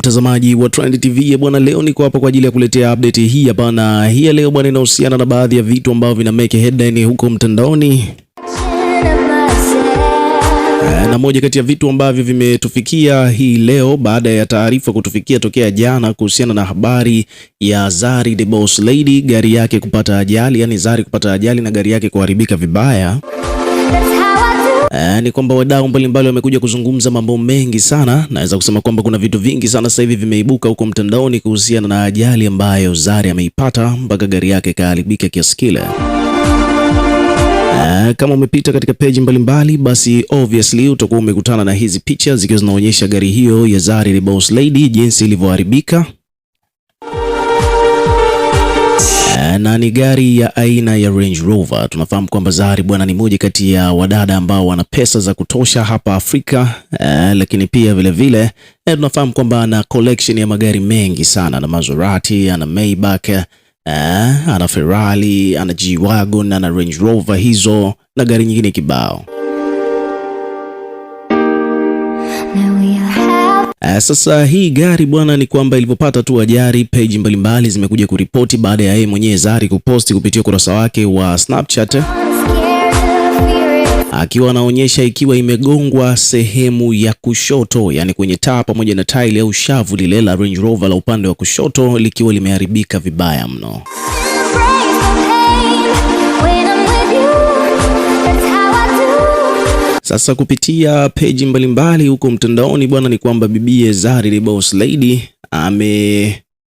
mtazamaji wa Trend TV bwana, leo niko hapa kwa ajili ya kuletea update hii hapa, na hii ya leo bwana inahusiana na baadhi ya vitu ambavyo vina make headline huko mtandaoni eh, na moja kati ya vitu ambavyo vimetufikia hii leo baada ya taarifa kutufikia tokea jana kuhusiana na habari ya Zari the Boss Lady gari yake kupata ajali, yani Zari kupata ajali na gari yake kuharibika vibaya eh, ni kwamba wadau mbalimbali wamekuja kuzungumza mambo mengi sana. Naweza kusema kwamba kuna vitu vingi sana sasa hivi vimeibuka huko mtandaoni kuhusiana na ajali ambayo Zari ameipata mpaka gari yake ikaharibika kiasi kile. Eh, kama umepita katika peji mbalimbali basi obviously utakuwa umekutana na hizi picha zikiwa zinaonyesha gari hiyo ya Zari the Boss Lady jinsi ilivyoharibika na ni gari ya aina ya Range Rover. Tunafahamu kwamba Zari bwana ni moja kati ya wadada ambao wana pesa za kutosha hapa Afrika, eh, lakini pia vilevile vile, eh, tunafahamu kwamba ana collection ya magari mengi sana, ana Maserati, ana Maybach eh, ana Ferrari, ana G-Wagon, ana Range Rover hizo na gari nyingine kibao. Eh, sasa hii gari bwana, ni kwamba ilivyopata tu ajali, page mbalimbali zimekuja kuripoti baada ya yeye mwenyewe Zari kuposti kupitia ukurasa wake wa Snapchat akiwa anaonyesha ikiwa imegongwa sehemu ya kushoto, yani kwenye taa pamoja na tile au shavu lile la Range Rover la upande wa kushoto likiwa limeharibika vibaya mno. Sasa kupitia peji mbalimbali huko mtandaoni bwana, ni kwamba bibie Zari the Boss Lady ame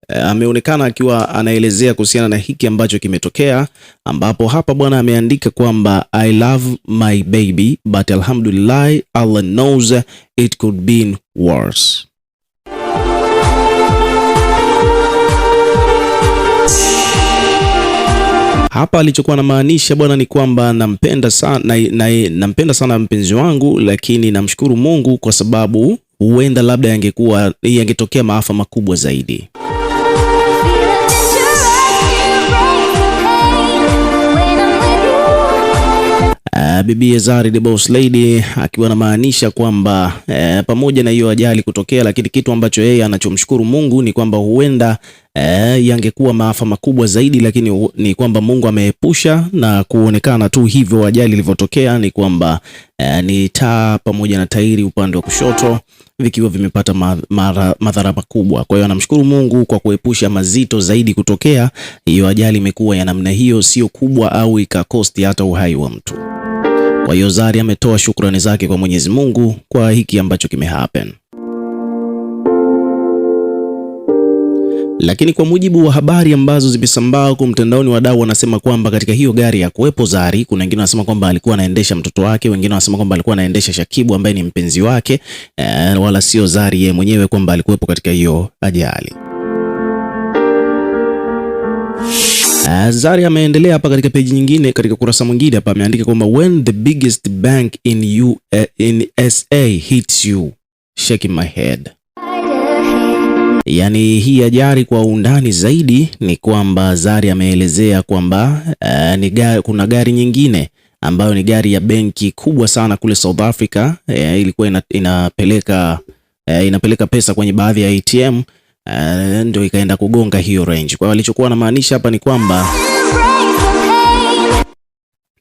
eh, ameonekana akiwa anaelezea kuhusiana na hiki ambacho kimetokea, ambapo hapa bwana ameandika kwamba I love my baby but alhamdulillah Allah knows it could been worse. Hapa alichokuwa anamaanisha bwana ni kwamba nampenda sana, na, na sana mpenzi wangu, lakini namshukuru Mungu kwa sababu huenda labda yangetokea maafa makubwa zaidi. Bibi Zari the Boss Lady akiwa anamaanisha kwamba e, pamoja na hiyo ajali kutokea, lakini kitu ambacho yeye anachomshukuru Mungu ni kwamba huenda e, yangekuwa maafa makubwa zaidi, lakini ni kwamba Mungu ameepusha na kuonekana tu hivyo. Ajali ilivyotokea ni kwamba e, ni taa pamoja na tairi upande wa kushoto vikiwa vimepata madhara makubwa. Kwa hiyo anamshukuru Mungu kwa kuepusha mazito zaidi kutokea. Hiyo ajali imekuwa ya namna hiyo, sio kubwa au ikakosti hata uhai wa mtu. Kwa hiyo Zari ametoa shukrani zake kwa Mwenyezi Mungu kwa hiki ambacho kimehappen. Lakini kwa mujibu wa habari ambazo zimesambaa huko mtandaoni, wadau wanasema kwamba katika hiyo gari ya kuwepo Zari, kuna wengine wanasema kwamba alikuwa anaendesha mtoto wake, wengine wanasema kwamba alikuwa anaendesha Shakibu ambaye ni mpenzi wake e, wala sio Zari yeye mwenyewe kwamba alikuwepo katika hiyo ajali. Zari ameendelea hapa katika peji nyingine, katika kurasa mwingine hapa ameandika kwamba when the biggest bank in, U, eh, in SA hits you shaking my head. Yaani hii ajari kwa undani zaidi ni kwamba Zari ameelezea kwamba uh, ni gari, kuna gari nyingine ambayo ni gari ya benki kubwa sana kule South Africa uh, ilikuwa ina, inapeleka, uh, inapeleka pesa kwenye baadhi ya ATM uh, ndio ikaenda kugonga hiyo range. Kwa hiyo alichokuwa anamaanisha hapa ni kwamba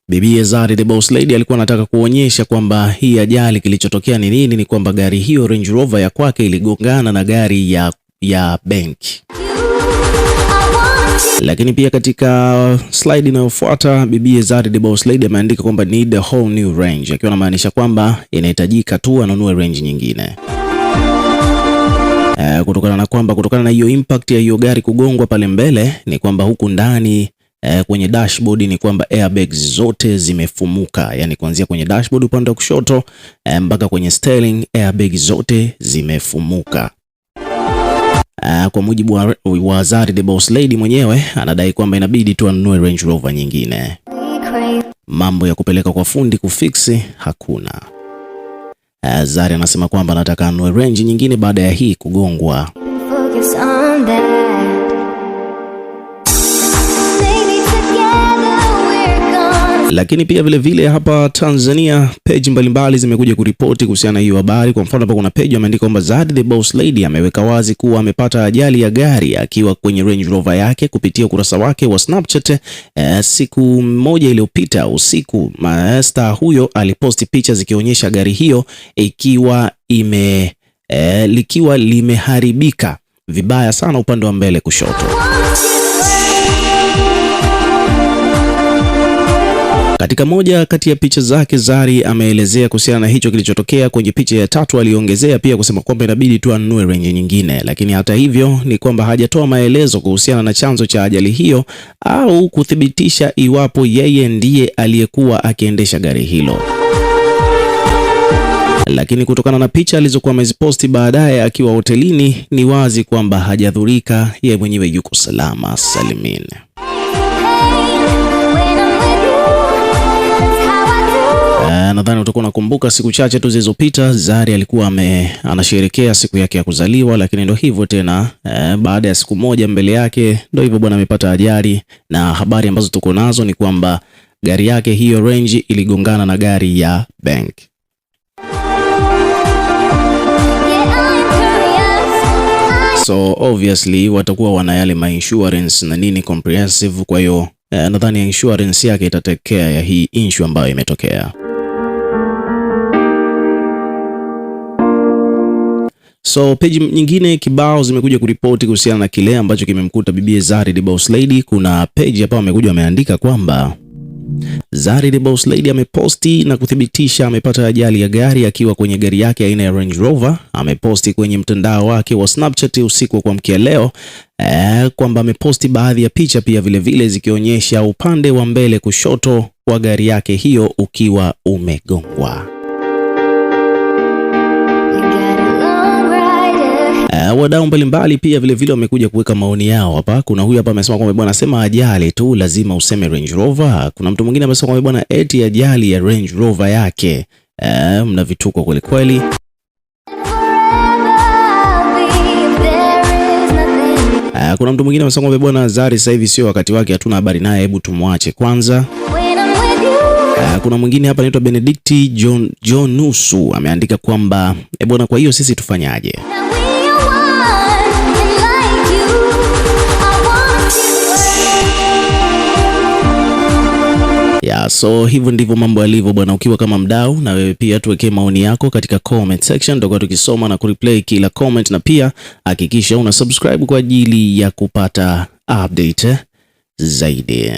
Bibi Zari the Boss Lady alikuwa anataka kuonyesha kwamba hii ajali kilichotokea ni nini, ni kwamba gari hiyo Range Rover ya kwake iligongana na gari ya, ya benki. Lakini pia katika slide inayofuata Bibi Zari the Boss Lady ameandika kwamba need a whole new range, akiwa anamaanisha kwamba inahitajika tu anunue range nyingine e, kutokana na kwamba kutokana na hiyo impact ya hiyo gari kugongwa pale mbele ni kwamba huku ndani e, kwenye dashboard ni kwamba airbags zote zimefumuka, yani kuanzia kwenye dashboard upande wa kushoto e, mpaka kwenye steering airbag zote zimefumuka. Kwa mujibu wa, wa Zari the Boss Lady mwenyewe anadai kwamba inabidi tu anunue Range Rover nyingine. Mambo ya kupeleka kwa fundi kufiksi hakuna. Eh, Zari anasema kwamba anataka anue range nyingine baada ya hii kugongwa. Focus on that. Baby, lakini pia vile vile hapa Tanzania page mbalimbali zimekuja kuripoti kuhusiana na hiyo habari. Kwa mfano, hapa kuna page ameandika kwamba Zad the Boss Lady ameweka wazi kuwa amepata ajali ya gari akiwa kwenye Range Rover yake kupitia ukurasa wake wa Snapchat eh, siku moja iliyopita usiku. Eh, star huyo aliposti picha zikionyesha gari hiyo ikiwa ime eh, likiwa limeharibika vibaya sana upande wa mbele kushoto. Katika moja kati ya picha zake, Zari ameelezea kuhusiana na hicho kilichotokea. Kwenye picha ya tatu aliongezea pia kusema kwamba inabidi tu anunue renji nyingine, lakini hata hivyo ni kwamba hajatoa maelezo kuhusiana na chanzo cha ajali hiyo au kuthibitisha iwapo yeye ndiye aliyekuwa akiendesha gari hilo lakini kutokana na picha alizokuwa ameziposti baadaye akiwa hotelini, ni wazi kwamba hajadhurika, yeye mwenyewe yuko salama salimin. Eh, nadhani utakuwa unakumbuka siku chache tu zilizopita Zari alikuwa ame, anasherekea siku yake ya kuzaliwa, lakini ndo hivyo tena e, baada ya siku moja mbele yake ndo hivyo bwana, amepata ajali, na habari ambazo tuko nazo ni kwamba gari yake hiyo Range iligongana na gari ya bank. So obviously watakuwa wana yale ma insurance na nini comprehensive, kwa hiyo eh, nadhani insurance yake itatekea ya hii issue ambayo imetokea. So peji nyingine kibao zimekuja kuripoti kuhusiana na kile ambacho kimemkuta bibie Zari the Boss Lady. Kuna peji hapa wamekuja wameandika kwamba Zari the Boss Lady ameposti na kuthibitisha amepata ajali ya gari akiwa kwenye gari yake aina ya Range Rover. Ameposti kwenye mtandao wake wa Snapchat usiku wa kuamkia leo e, kwamba ameposti baadhi ya picha pia vilevile zikionyesha upande wa mbele kushoto wa gari yake hiyo ukiwa umegongwa. Uh, wadau mbalimbali pia vile vile wamekuja kuweka maoni yao hapa. Kuna huyu hapa amesema kwamba bwana, sema ajali tu lazima useme Range Rover. Kuna mtu mwingine amesema kwamba bwana, eti ajali ya Range Rover yake. Uh, mna vituko kweli kweli. Uh, kuna mtu mwingine amesema kwamba bwana, Zari sasa hivi sio wakati wake, hatuna habari naye, hebu tumwache kwanza. Eh, kuna mwingine hapa anaitwa Benedict John Jonusu ameandika kwamba bwana, kwa hiyo sisi tufanyaje? no. So hivyo ndivyo mambo yalivyo bwana. Ukiwa kama mdau, na wewe pia tuwekee maoni yako katika comment section, tutakuwa tukisoma na kureplay kila comment, na pia hakikisha una subscribe kwa ajili ya kupata update zaidi.